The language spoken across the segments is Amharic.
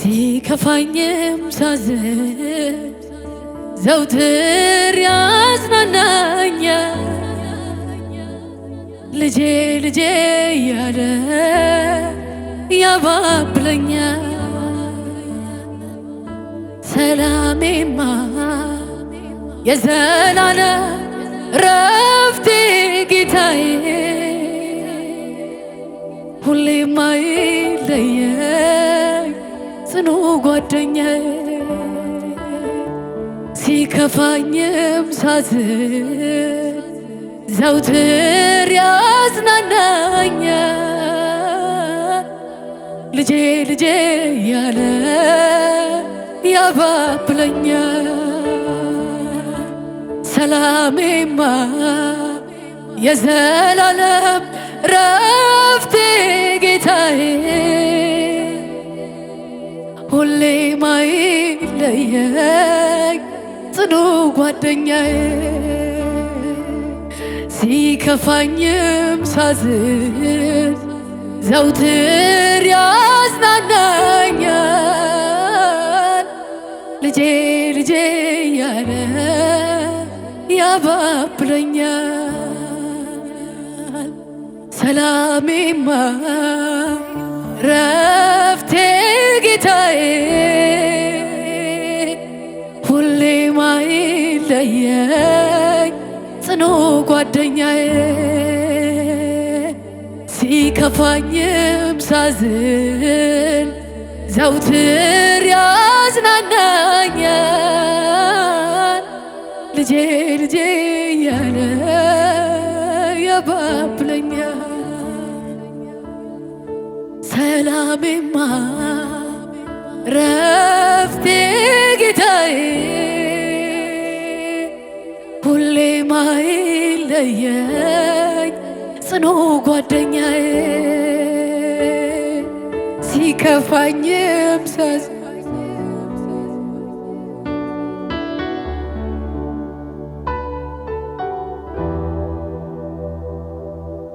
ሲከፋኝም ሳዝን ዘውትር ያዝናናኛ ልጄ ልጄ እያለ ያባብለኛ ሰላሜማ የዘላለ ረፍቴ ጌታዬ ሁሌም ጽኑ ጓደኛ ሲከፋኝም ሳዝን ዘውትር ያዝናናኛ ልጄ ልጄ ያለ ያባብለኛ ሰላሜማ የዘላለም ረ ለየኝ ጽኑ ጓደኛዬ ሲከፋኝም ሳዝን ዘውትር ያዝናናኛል ልጄ ልጄ ያለ ያባብለኛል ሰላሜማ ረፍቴ ጌታዬ ለየኝ ጽኑ ጓደኛዬ ሲከፋኝም ሳዝን ዘውትር ያዝናናኛል ልጄ ልጄ እያለ ያባብለኛል ሰላሜማ ረፍቴ ጌታዬ የማይለየኝ ጽኑ ጓደኛዬ ሲከፋኝም ሳዝ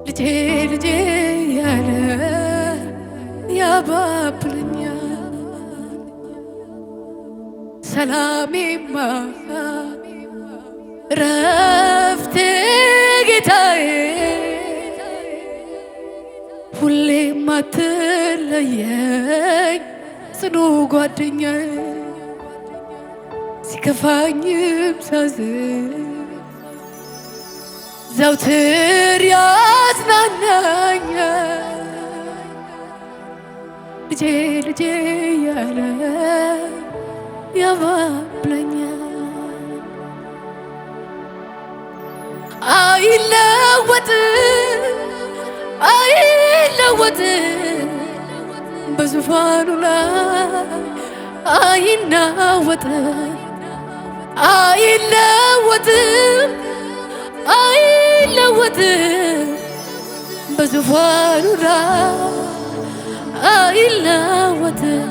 ልጄ ልጄ ያለ ያባብለኛል ረፍቴ ጌታዬ ሁሌ ማትለየኝ ጽኑ ጓደኛዬ ሲከፋኝም ሳዝን ዘውትር ያጽናናኝ ልጄ ልጄ ያለ ያባብለኛ አይለወጥም አይለወጥም በዙፋኑ ላይ አይናወጥም አይለወጥም አይለወጥም በዙፋኑ ላይ አይለወጥም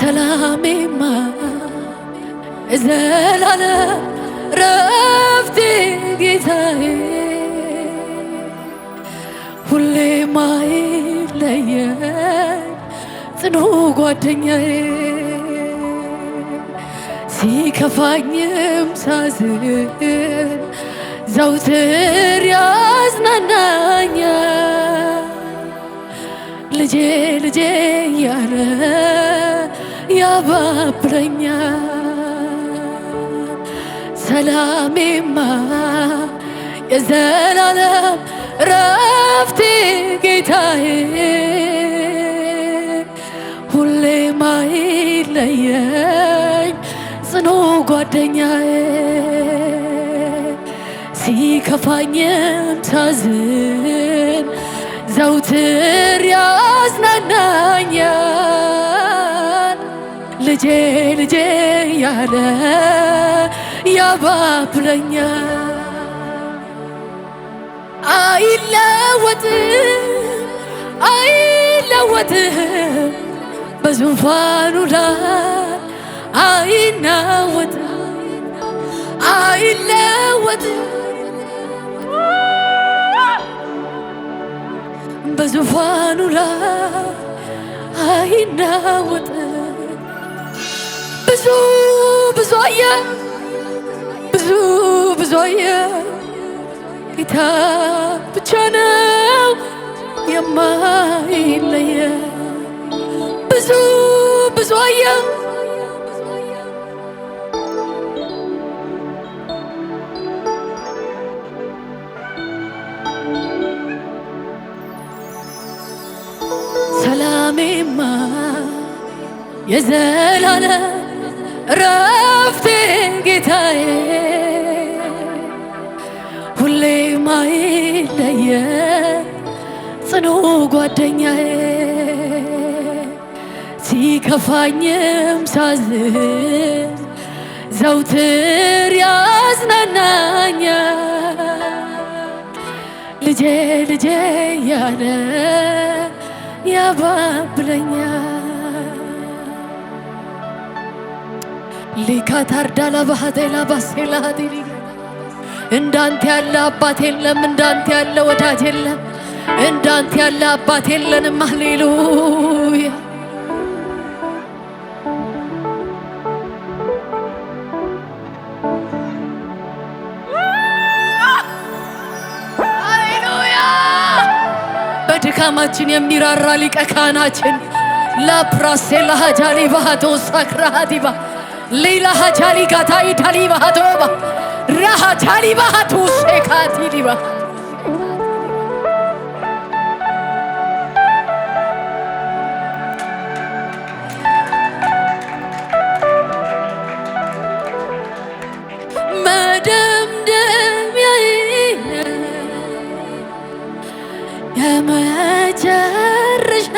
ሰላሜማ ዘላለ ረፍቴ ጌታዬ ሁሌ ማይለየኝ ጽኑ ጓደኛዬ ሲከፋኝም ሳዝን ዘውትር ያዝናናኛ ልጄ ልጄ ያለ ያባብለኛ ሰላሜማ የዘላለም ረፍቴ ጌታዬ ሁሌ ማይለየኝ ጽኑ ጓደኛዬ ሲከፋኝም ሳዝን ዘውትር ያዝናናኛል ልጄ ልጄ ያለ ያባብለኛል። አይለወጥም አይለወጥም በዙፋኑ ላይ አይናወጥም አይለወጥም በዙፋኑ ላይ አይናወጥም ብዙ ብዙ አየ ብዙ ብዙ አየ ጌታ ብቻ ነው የማይለየ ብዙ ብዙ አየ ሰላሜማ ረፍቴ ጌታዬ የማይለየ ጽኑ ጓደኛዬ ሲከፋኝም ሳዝን ዘውትር ያዝናናኛ ልጄ ልጄ ያለ ያባብለኛ እንዳንተ ያለ አባት የለም። እንዳንተ ያለ ወዳጅ የለም። እንዳንተ ያለ አባት የለንም። ሃሌሉያ ድካማችን የሚራራ ሊቀ ካህናችን ላፕራሴ ላሃጃሊ ባህቶ ሳክራሃዲባ ሌላ ሃጃሊ ጋታ ኢታሊ ባህቶባ ካሪባቱ ሼካቲ ሊባ የመጨረሻ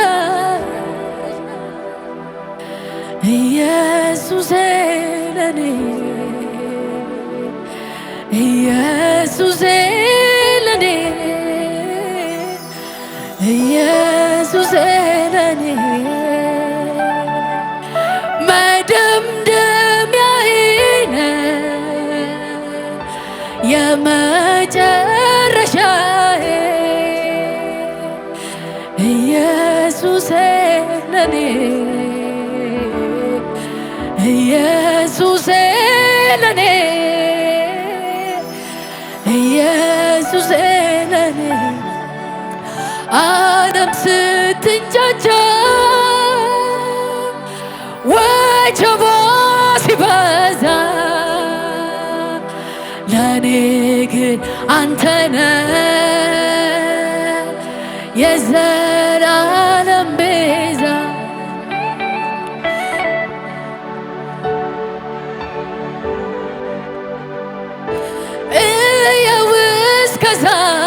ኢየሱስ ለኔ ኢየሱሴ ለኔ ኢየሱሴ ለኔ መደምደሚያዬ የመጨረሻዬ ኢየሱሴ ለኔ ኢየሱሴ ለኔ ጊዜ ዓለም ስትንጫጫ ወጀቧ ሲበዛ ለኔ ግን አንተነ Jesus.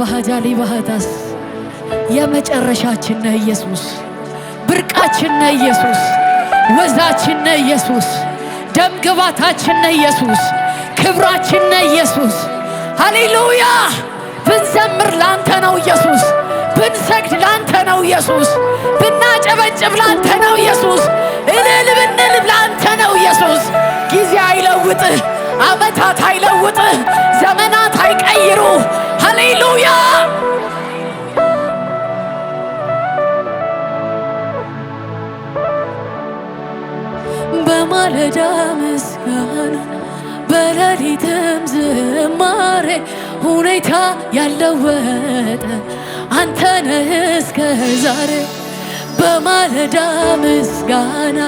ባህዳሊ ባህታስ የመጨረሻችን ነህ ኢየሱስ፣ ብርቃችን ነህ ኢየሱስ፣ ወዛችን ነህ ኢየሱስ፣ ደምግባታችን ነህ ኢየሱስ፣ ክብራችን ነህ ኢየሱስ። ሃሌሉያ! ብንዘምር ላንተ ነው ኢየሱስ፣ ብንሰግድ ላንተ ነው ኢየሱስ፣ ብናጨበጭብ ላንተ ነው ኢየሱስ፣ እልል ብንል ላንተ ነው ኢየሱስ። ጊዜ አይለውጥህ፣ ዓመታት አይለውጥህ፣ ዘመናት አይቀይሩ ሃሌሉያ በማለዳ ምስጋና በሌሊትም ዝማሬ ሁኔታ ያለወጠ አንተ ነህ እስከ ዛሬ በማለዳ ምስጋና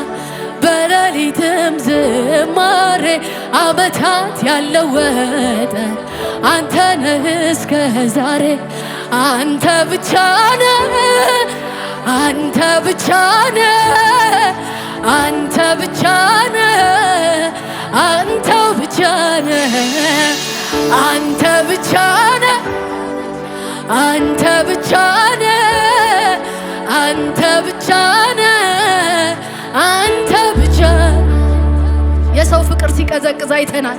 በሌሊትም ዝማሬ አመታት ያለወጠ አንተ ነህ እስከ ዛሬ አንተ ብቻ ነህ አንተ ብቻ ነህ አንተ ብቻ ነህ አንተ ብቻ ነህ አንተ ብቻ ነህ አንተ ብቻ ነህ አንተ ብቻ ነህ አንተ ብቻ የሰው ፍቅር ሲቀዘቅዝ አይተናል።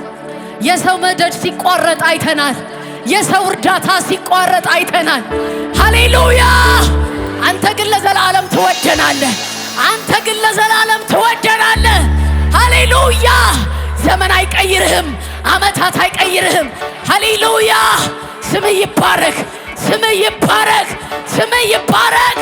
የሰው መደድ ሲቋረጥ አይተናል። የሰው እርዳታ ሲቋረጥ አይተናል። ሃሌሉያ! አንተ ግን ለዘላለም ትወደናለህ። አንተ ግን ለዘላለም ትወደናለህ። ሃሌሉያ! ዘመን አይቀይርህም። ዓመታት አይቀይርህም። ሃሌሉያ! ስም ይባረክ፣ ስም ይባረክ፣ ስም ይባረክ።